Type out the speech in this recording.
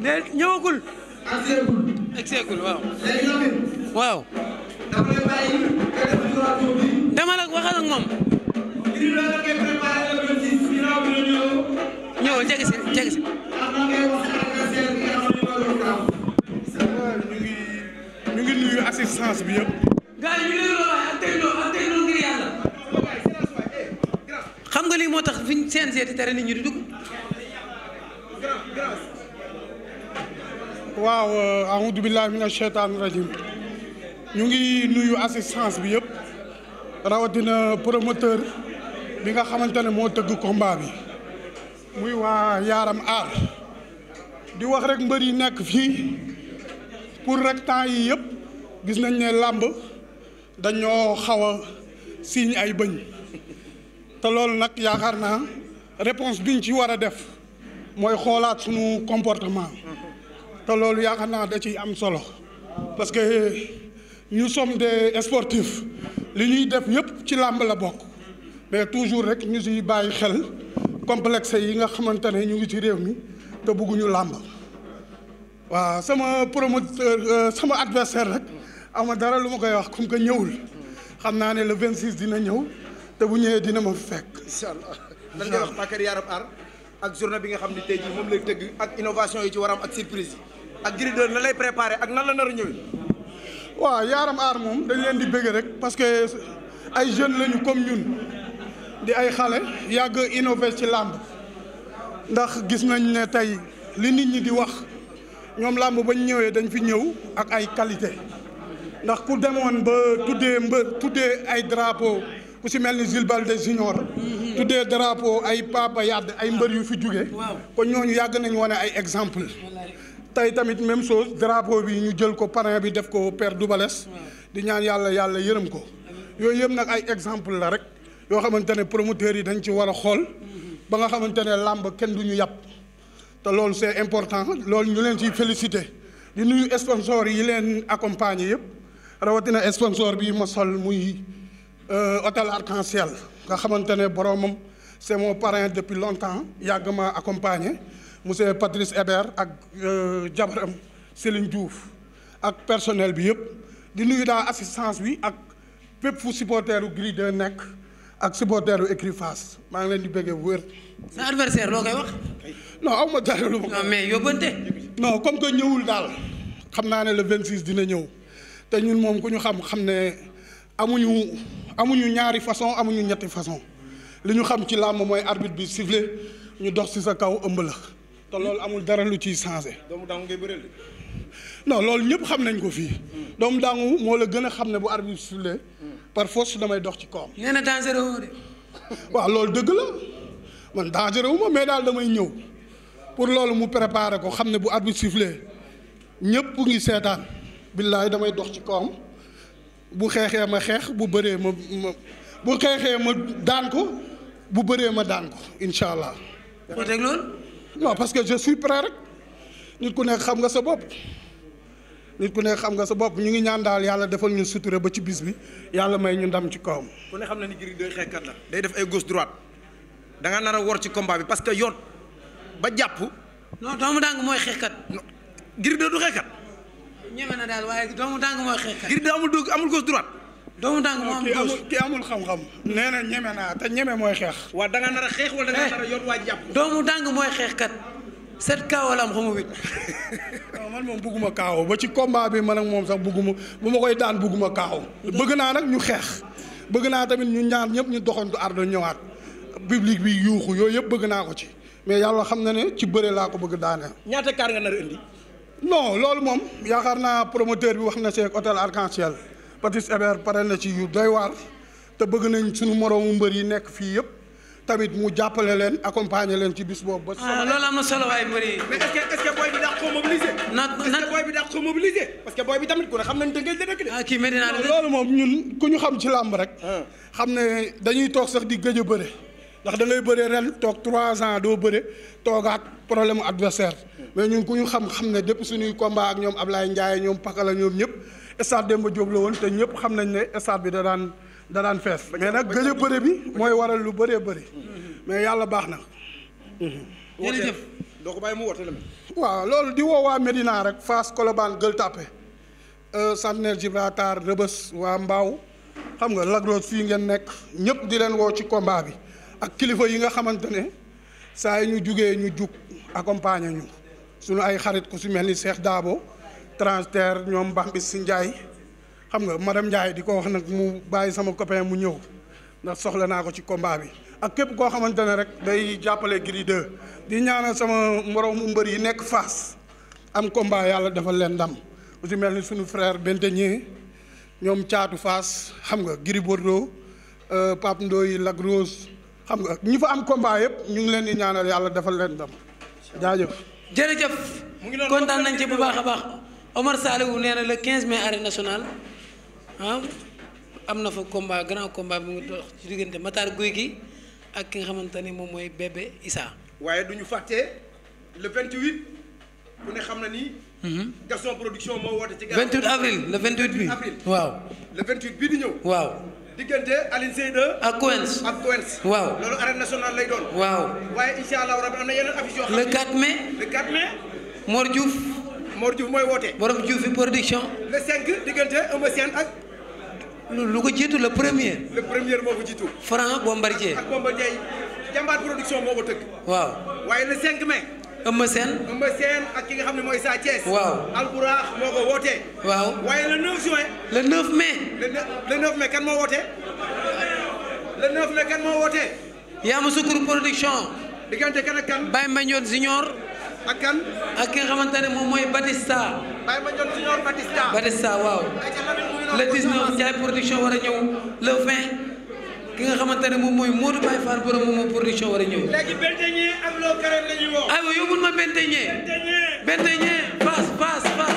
ne ñëwagul. ak seegul. ak seegul waaw. léegi Lamine. waaw. dama lay bàyyi nga def duration bi. dama la waxal ak moom. ngir loolu ngay préparé le 26 ginnaaw bi la ñëw. ñëw jege si jege si. am na ngay wax adversaire bi nga xam ne loolu taw. ñu ngi ñu ngi nuyu assistance bi yëpp. gars yi ñu ngi lay wax ak techno ak techno ngir yàlla. Eh, xam nga lii moo tax fi ñu CNG di tere nit ñi di dugg. waaw euh, ahoudu billahi mina sheytaani rajim ñu ngi nuyu assistance bi yëpp rawatina promoteur bi nga xamante ne moo tëgg combat bi muy waa yaaram Art di wax rek mbër yi nekk fii pour rekk temps yi yëpp gis nañ ne làmb dañoo xaw a siiñ ay bëñ te loolu nag yaakaar naa réponse biñ ci war a def mooy xoolaat suñu comportement te loolu yaakaar naa da ciy am solo parce que ñu somme de sportifs li ñuy def yëpp ci làmb la bokk mais toujours rek ñu siy bàyyi xel complexe yi nga xamante ne ñu ngi ci réew mi te bëgguñu làmb waaw sama promoteur euh, sama adversaire rek ama dara lu ma koy wax comme que ñëwul xam naa ne le 26 dina ñëw te bu ñëwee dina ma fekk. incha allah lan ngay wax Bakary Yarab Ar ak journée bi nga xam ne tey jii moom lay tëgg ak innovation yi ci waram ak surprise ak Gris 2 la lay préparé ak nan la nar a ñëwee. waaw yaaram aar moom dañ leen di bëgg rek parce que ay jeunes lañu comme ñun di ay xale yàgg innové ci làmb ndax gis nañ ne tey li nit ñi di wax ñoom làmb bañ ñëwee dañ fi ñëw ak ay qualité ndax ku demoon ba tuddee mbër tuddee ay drapeau ku si mel ni Jules Baldé Junior mm-hmm. tuddee drapeau ay Papa Yade ay mbër yu fi jóge kon ñooñu yàgg nañ wane ay exemple tey tamit même chose drapeau bi ñu jël ko parrain bi def ko père Doubalès di ñaan yàlla yàlla yërëm ko yooyu yëpp nag ay exemple la rek yoo xamante ne promoteurs yi dañu ci war a xool mm-hmm. ba nga xamante ne làmb kenn du ñu yàpp te loolu c'est important loolu ñu leen ciy félicité di nuyu sponsor yi leen accompagner yëpp rawatina sponsor bi ma sol muy euh, hôtel arc en nga xamante ne boromam c'est mon parrain depuis longtemps yàgg ma accompagner monsieur Patrice Hébert ak euh, jabaram Céline Diouf ak personnel bi yëpp di nuyu daa assistance bi ak bépp fu supporteru Gris 2 nekk ak supporteru écurie maa ngi leen di bëggee wër. sa adversaire loo koy wax. non aw ma dara ma. non mais comme que ñëwul daal xam naa ne le 26 dina ñëw te ñun moom ku ñu xam xam ne amuñu amuñu ñaari façon amuñu ñetti façon li ñu xam ci làmb mooy arbitre bi sifflé ñu dox ci sa kaw ëmb la. te loolu amul dara lu ciy changé. doomu daangu ngay bëreel loolu ñëpp xam nañ ko fii. doomu daangu moo la gën a xam ne bu arbitre sifflé par force damay dox ci kawam. nee na dangereux waaw loolu dëgg la man dangereux wu ma mais daal damay ñëw pour loolu mu préparer ko xam ne bu arbitre sifflé ñëpp ngi seetaan billaay damay dox ci kawam bu xeexee ma xeex bu bëree ma ma bu xeexee ma daan ko bu bëree ma daan ko incha allah. non parce que je suis prêt rek nit ku nekk xam nga sa bopp nit ku nekk xam nga sa bopp ñu ngi ñaan daal yàlla defal ñu suture ba ci bis bi yàlla may ñu ndam ci kawam. ku ne xam na ni Gris doy xeexkat la. day def ay gauche droite da nga nar a wor ci combat bi parce que yoon ba jàpp. non doomu dàng mooy xeexkat. Gris du xeexkat. ñeme na daal waaye doomu dàng mooy xeexkat. Gris amul amul gauche droite. doomu daangu moo am gauche ki amul xam-xam. nee na ñeme naa te ñeme mooy xeex. waa da nga nar a xeex wala da nga eh, nar a yor waa jàpp. doomu daangu mooy xeex kat. set kaa wala am xamu wit. man moom bugguma kaaw ba ci combat bi man ak moom sax bugguma bu ma koy daan bugguma kaaw. bëgg naa nag ñu xeex. bëgg naa tamit ñu ñaan ñëpp ñu doxantu ardo ñëwaat. public bi yuuxu yooyu yëpp bëgg naa ko ci. mais yàlla xam na ne ci bëre laa ko bëgg daaneel. ñaata kaar nga nar a indi. non loolu moom yaakaar naa promoteur bi wax na see hôtel arc en Patrice Hébert pare na ci yu doy waar te bëgg nañ suñu moroomu mbër yi nekk fii yëpp tamit mu jàppale leen accompagner leen ci bis boobu. ba ah loolu am na solo waaye mbër yi. mais est booy bi daa ko mobiliser. que booy bi daa ko parce que booy bi tamit ku ne xam nañ dëgg dëgg de. ah kii Medina loolu moom ñun ku ñu xam ci làmb rek. Ah. xam ne dañuy toog sax di gëj a bëre. ndax da ngay bëree ren toog trois ans doo bëre toogaat problème mu mais ñu ku ñu xam xam ne depuis suñuy combat ak ñoom ab Ablaye Ndiaye ñoom Pakala ñoom ñëpp stade Demba Diop la ñëpp xam nañ ne stade bi da daan da daan fees. mais nag gëj a bëre bi mooy waral lu bëree bëri. Mm-hmm. mais yàlla baax na. Mm-hmm. Mm-hmm. jërëjëf doo ko bàyyi mu woote waaw loolu di woo waa Medina rek Fass Colobane Gueule Tapée Centenaire euh, Gibraltar Rebeuss waa Mbao xam nga Lac Rose fii ngeen nekk ñëpp di leen woo ci combat bi. ak kilifa yi nga xamante ne saa yi ñu jugee ñu jug accompagner ñu suñu ay xarit ku si mel ni Cheikh Dabo transfert ñoom Bambis si Ndiaye xam nga ma madame Ndiaye di ko wax nag mu bàyyi sama copain mu ñëw ndax soxla naa ko ci combat bi ak képp koo xamante ne rek day jàppale Gris 2 di ñaanal sama moromu mbër yi nekk Fass am combat yàlla defal leen ndam ku si mel ni suñu frère Benteñe ñoom caatu Fass xam nga Gris Bordeaux euh, Pape Ndoye Lac Rose xam nga ñi fa am combat yëpp ñu ngi leen di ñaanal yàlla defal leen ndam jaajëf. jërëjëf kontaan nañ ci bu baax a baax Omar Saliou nee na le 15 mai arène national ah am na fa combat grand combat bi mu dox ci diggante Matar Guy gi ak ki nga xamante ni moom mooy bebe Issa. waaye du ñu fàtte le 28 ku ne xam na ni. Mhm. Gaston production moo woote ci. 28 avril le 28 bi waaw. diggante Alioune Seye a ak Coens ak waaw loolu arène nationale lay doon waaw waaye insha allah rabbi am na yeneen affiche yoo xam ne le 4 mai le 4 mooy woote borom Diouf fi production le 5 diggante Eumeu Sène ak lu ko jiitu le premier le premier moo ko jiitu Franc Bombardier ak production moo ko tëgg waaw waaye le 5 mai Eumeu Sène. Eumeu Sène ak ki nga xam ne mooy Sa Thiès. waaw Alburax moo ko wootee. waaw waaye le 9 juin. le 9 mai. le 9 kan moo wootee. le 9 mai kan moo wootee. Yamoussoukro production. diggante kan ak kan. Baye Mandione Junior. ak kan. ak ki nga xamante ne moom mooy Batista. Baye Mandione Junior Batista. Batista waaw. le 19 Ndiaye production war a ñëw le 20. ki nga xamante ne moom mooy Modou Baye Fall borom moom moo production war a ñëw. léegi benteñee ak loo karam la ñuy woo. aywa ah yóbbul ma benteñee benteñee benteñee paas paas paas.